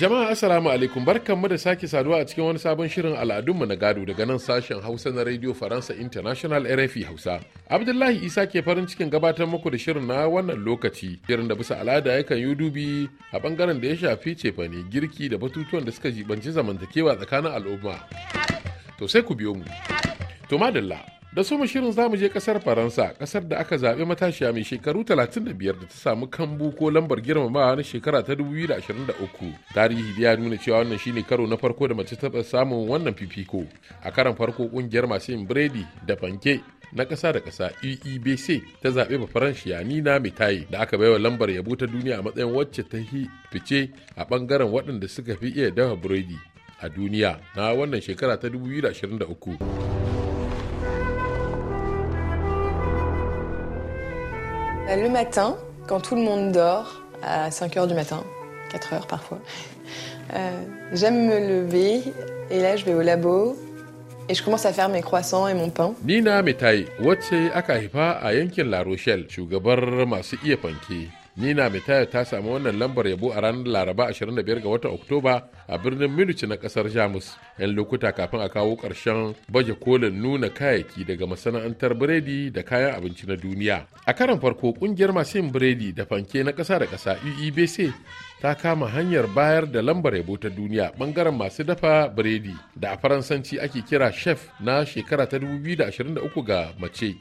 Jama'a Assalamu alaikum barkanmu da sake saduwa a cikin wani sabon shirin al'adunmu na gado daga nan sashen Hausa na Radio Faransa International RFI Hausa. Abdullahi Isa ke farin cikin gabatar muku da shirin na wannan lokaci. Shirin da bisa al'ada yakan yi dubi a bangaren da ya shafi cefane girki da batutuwan da suka jibanci zamantakewa tsakanin al'umma. To sai ku biyo mu. To madalla. da su shirin zamu je kasar faransa kasar da aka zaɓi matashiya mai shekaru 35 da ta samu kambu ko lambar girmamawa na shekara ta 2023 tarihi ya nuna cewa wannan shine karo na farko da mace taɓa samun wannan fifiko a karan farko kungiyar masu yin biredi da fanke na ƙasa da kasa eebc ta zaɓi ba faranshiya nina tayi da aka baiwa lambar yabo ta duniya a matsayin wacce ta fice a bangaren waɗanda suka fi iya dafa biredi a duniya na wannan shekara ta 2023 Euh, le matin, quand tout le monde dort, à 5 h du matin, 4 h parfois, euh, j'aime me lever et là je vais au labo et je commence à faire mes croissants et mon pain. nina taya ta samu wannan lambar yabo a ranar laraba 25 ga watan oktoba a birnin munich na kasar jamus yan lokuta kafin a kawo ƙarshen baje kolin nuna kayayyaki daga masana'antar biredi da kayan abinci na duniya a karan farko kungiyar masu yin biredi da fanke na kasa da kasa uebc ta kama hanyar bayar da lambar yabo ta duniya bangaren masu dafa biredi da a faransanci ake kira chef na shekara ta 2023 ga mace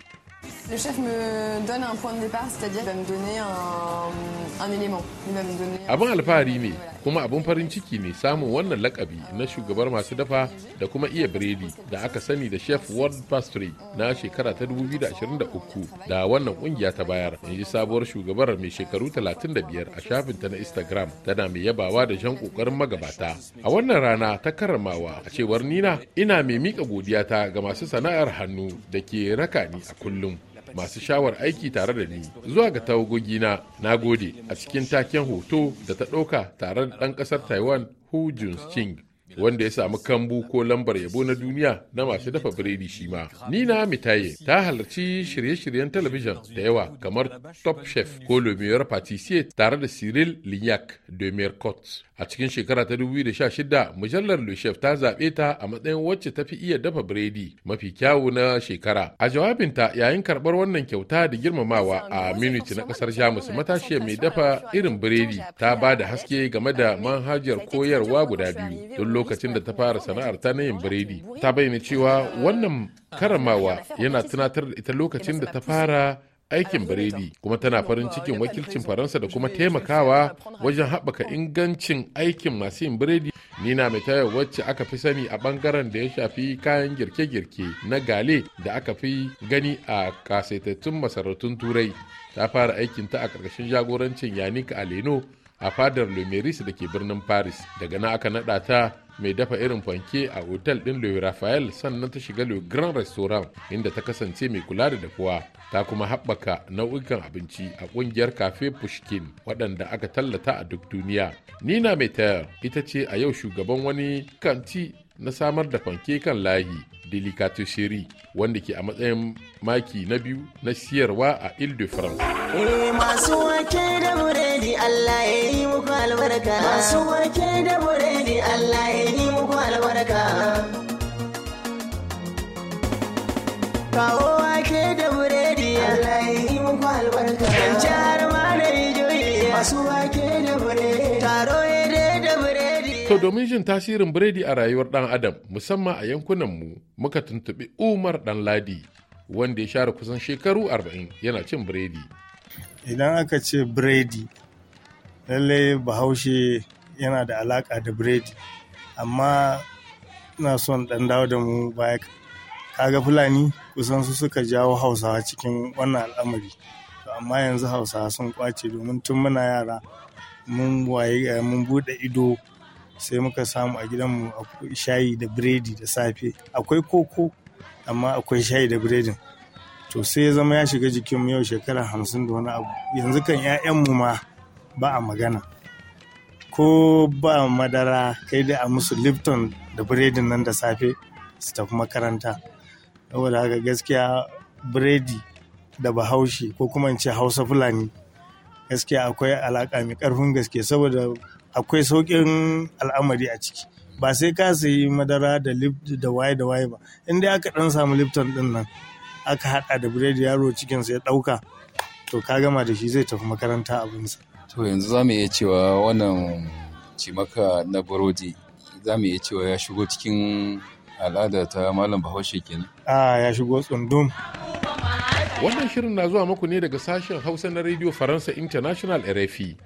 Le chef me donne un point de départ, c'est-à-dire va me donner un, un élément. Il va me donner abin alfahari ne kuma abin farin ciki ne samun wannan lakabi na shugabar masu dafa da kuma iya biredi da aka sani da chef world pastry na shekara ta 2023 da wannan kungiya ta bayar ji sabuwar shugabar mai shekaru 35 a shafinta na instagram tana mai yabawa da jan kokarin magabata a wannan rana ta karramawa a cewar nina ina mai mika godiyata ga masu sana'ar hannu da ke raka ni a kullum masu shawar aiki tare da ni zuwa ga tawagogina na gode a cikin taken hoto da ta ɗauka tare da ɗan ƙasar taiwan hu jun ching wanda ya samu kambu ko lambar yabo na duniya na masu dafa biredi shi ma. Nina Mitaye ta halarci shirye-shiryen talabijin da yawa kamar Top Chef ko Le Meilleur Patissier tare da Cyril Lignac de Mercot. A cikin shekara ta 2016 mujallar Le Chef ta zaɓe ta a matsayin wacce ta fi iya dafa biredi mafi kyawu na shekara. A jawabinta yayin karɓar wannan kyauta da girmamawa a Munich na ƙasar Jamus matashiyar mai dafa irin biredi ta ba da haske game da manhajar koyarwa guda biyu. lokacin da ta fara sana'ar ta na yin biredi ta bayyana cewa wannan karamawa yana tunatar da ita lokacin da ta fara aikin biredi kuma tana farin cikin wakilcin faransa da kuma taimakawa wajen haɓaka ingancin aikin masu yin biredi na mai taya wacce aka fi sani a bangaren da ya shafi kayan girke-girke na gale da aka fi gani a kasaitattun masarautun turai ta fara aikin ta a ƙarƙashin jagorancin yanika aleno a fadar lumeris da ke birnin paris daga na aka naɗa ta mai dafa irin fanke a otal din louis rafael sannan ta shiga louis grand restaurant inda ta kasance mai kula da dafuwa ta kuma haɓaka nau'ikan abinci a ƙungiyar cafe pushkin waɗanda aka tallata a duk duniya nina mai tayar ita ce a yau shugaban wani kanti na samar da fanke kan layi delicato wanda ke a matsayin maki na biyu na siyarwa a ile de france eh, masu wake da da buredi domin jin tasirin biredi a rayuwar ɗan adam musamman a yankunanmu muka tuntuɓi Umar ɗan Ladi wanda ya share kusan shekaru 40 yana cin biredi. Idan aka ce biredi, lallai bahaushe yana da alaƙa da biredi, amma na son ɗan dawo da mu baya kaga Fulani kusan su suka jawo Hausawa cikin wannan al'amari. Amma yanzu Hausawa sun kwace domin tun muna yara mun waye mun buɗe ido sai muka samu a gidanmu shayi da biredi da safe akwai koko amma akwai shayi da biredin to sai ya zama ya shiga jikinmu yau shekara hamsin da wani abu yanzu kan 'ya'yanmu ma ba a magana ko ba madara kai dai a musu lipton da biredin nan da safe su tafi makaranta saboda haka gaskiya biredi da bahaushe ko kuma in ce hausa fulani gaskiya akwai alaƙa mai ƙarfin gaske saboda akwai sauƙin al'amari a ciki ba sai ka sayi madara da da waye da waye ba inda aka dan samu lipton din nan aka hada da biredi yaro cikin sa ya dauka to ka gama da shi zai tafi makaranta abinsa to yanzu za mu iya cewa wannan cimaka na burodi za mu iya cewa ya shigo cikin al'ada ta malam bahaushe kenan a ya shigo tsundum wannan shirin na zuwa muku ne daga sashen hausa na radio faransa international rfi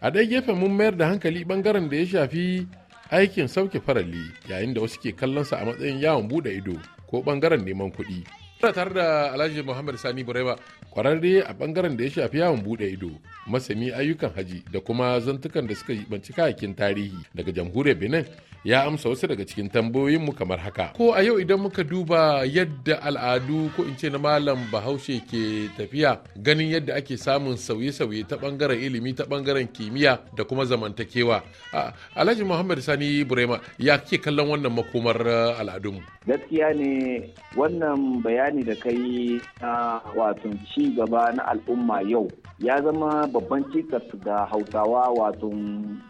a ɗaya gefen mun mayar da hankali ɓangaren da ya shafi aikin sauke farali yayin da wasu ke kallonsa a matsayin yawon buɗe ido ko ɓangaren neman kuɗi. tare da Alhaji Muhammad Sani Burema kwararre a bangaren da ya shafi yawon bude ido masani ayyukan haji da kuma zantukan da suka banci kayakin tarihi daga jamhuriyar benin ya amsa wasu daga cikin tambayoyinmu kamar haka ko a yau idan muka duba yadda al'adu ko in ce na malam bahaushe ke tafiya ganin yadda ake samun sauye-sauye ta bangaren ilimi ta bangaren kimiyya da kuma zamantakewa alhaji muhammad sani burema ya ke kallon wannan makomar uh, al'adun. gaskiya ne wannan bayani da kai na wato ci gaba na al'umma yau ya zama babban cikas ga hausawa wato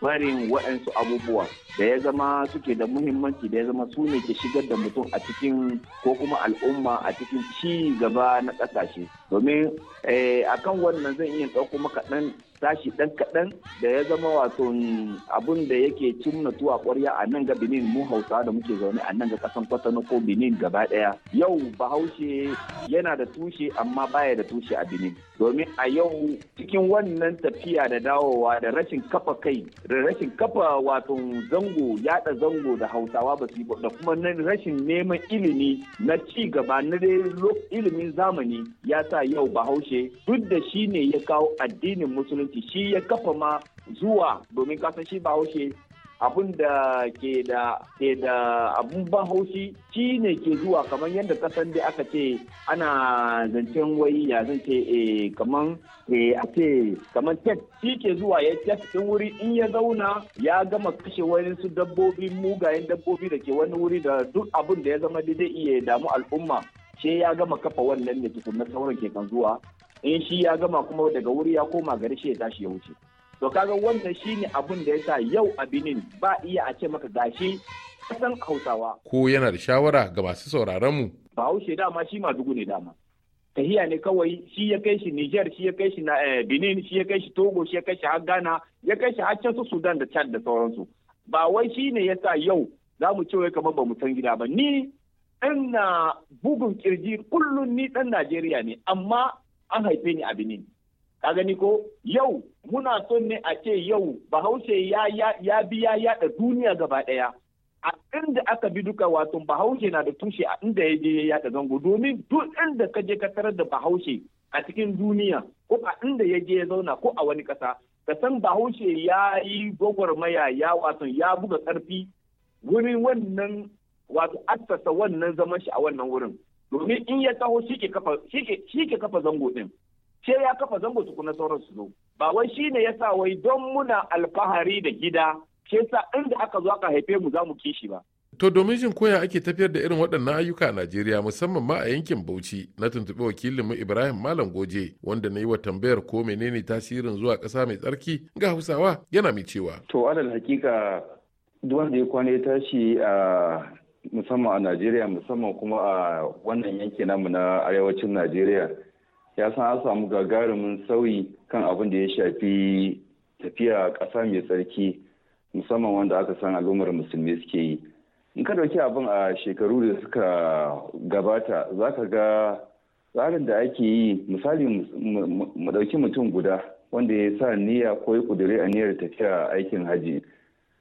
barin waɗansu abubuwa da ya zama suke da muhimmanci da ya zama su ne ke shigar da mutum a cikin ko kuma al'umma a cikin ci gaba na ƙasashe domin eh, a kan wannan zan iya ɗauko maka ɗan sashi ɗan kaɗan da ya zama wato abun da yake cimma tuwa ƙwarya a nan ga benin mu hausa da muke zaune a nan ga ƙasan kwatano ko benin gaba ɗaya yau bahaushe yana da tushe amma baya da tushe a benin domin a yau cikin wannan tafiya da dawowa da rashin kafa kai da rashin kafa wato zango yada zango da hausawa ba su da kuma na rashin neman ilimi na ci gaba na ilimin zamani ya sa yau bahaushe duk da shi ne ya kawo addinin musulunci shi ya kafa ma zuwa domin kasan shi bahaushe abin da ke da ke da abun ban haushi shi ne ke zuwa kamar yadda kasan da aka ce ana zancen wai ya zance e eh, kamar e eh, a ce kamar tet shi ke zuwa ya ce cikin wuri in ya zauna ya gama kashe wani su dabbobi mugayen dabbobi da ke wani wuri da duk abin da ya zama da zai iya damu al'umma sai ya gama kafa wannan ne tukunna sauran ke kan zuwa in shi ya gama kuma daga wuri ya koma gari shi ya tashi ya wuce. to kaga wannan shine abin da yasa yau a Benin ba iya a ce maka gashi kasan Hausawa ko yana da shawara ga masu sauraron mu Bahaushe dama shi ma dugu ne dama tahiya ne kawai shi ya kai shi Niger shi ya kai shi eh, Benin shi ya kai shi Togo shi ya kai shi har Ghana ya kai shi har can su Sudan da Chad da sauransu ba wai shine yasa yau za mu ce wai kamar ba mu san gida ba ni ɗan bugun kirji kullum ni ɗan Najeriya ne amma an haife ni a Benin ka gani ko yau muna son ne a ce yau bahaushe ya ya biya yaɗa duniya gaba daya a inda aka bi duka wato bahaushe na da tushe a inda ya je ya yada zango domin duk inda ka je ka tarar da bahaushe a cikin duniya ko a inda ya je ya zauna ko a wani kasa ka san bahaushe ya yi gwagwarmaya ya wato ya buga karfi wurin wannan wato assasa wannan zaman shi a wannan wurin domin in ya taho shi ke kafa zango ɗin ce ya kafa zango tukuna sauran su ba wai shi shine sa wai don muna alfahari da gida ke sa inda aka zo aka haife mu za mu kishi ba To domin jin koya ake tafiyar da irin waɗannan ayyuka a Najeriya musamman ma a yankin Bauchi na tuntuɓi wakilinmu Ibrahim Malam Goje wanda na yi wa tambayar ko menene tasirin zuwa ƙasa mai tsarki ga Hausawa yana mai cewa. To alal hakika duk wanda ya kwana ya tashi a musamman a Najeriya musamman kuma a wannan yanki namu na arewacin Najeriya ya san an samu gagarumin sauyi kan abin da ya shafi tafiya ƙasa mai tsarki musamman wanda aka san al'ummar musulmi suke yi in ka dauki abin a shekaru da suka gabata za ka ga tsarin da ake yi misali mu dauki mutum guda wanda ya sa niyya ko ya a niyyar tafiya aikin hajji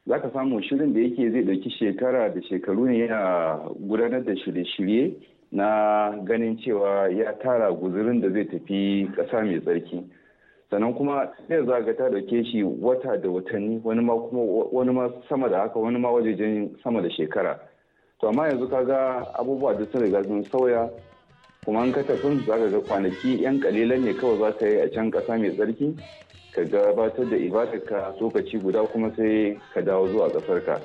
za ka samu shirin da yake zai dauki shekara da shekaru ne yana gudanar da shirye-shirye na ganin cewa ya tara guzurin da zai tafi ƙasa mai tsarki sannan kuma sai za ga ta dauke shi wata da watanni wani ma kuma wani ma sama da haka wani ma wajejen sama da shekara to amma yanzu ka ga abubuwa duk sun riga sun sauya kuma an ka tafin za ka ga kwanaki yan kalilan ne kawai za ka yi a can ƙasa mai tsarki ka gabatar da ibadarka lokaci guda kuma sai ka dawo zuwa ƙasarka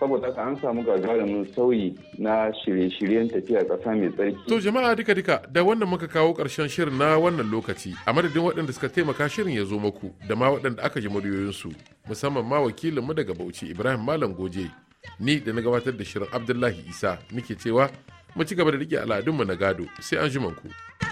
saboda haka an samu gagarumin sauyi na shirye-shiryen tafiya ƙasa mai tsarki. To jama'a duka duka da wannan muka kawo ƙarshen shirin na wannan lokaci a madadin waɗanda suka taimaka shirin ya zo muku da ma waɗanda aka ji muryoyinsu musamman ma wakilinmu daga Bauchi Ibrahim Malam Goje ni da na gabatar da shirin Abdullahi Isa nake cewa mu ci gaba da riƙe al'adunmu na gado sai an ku.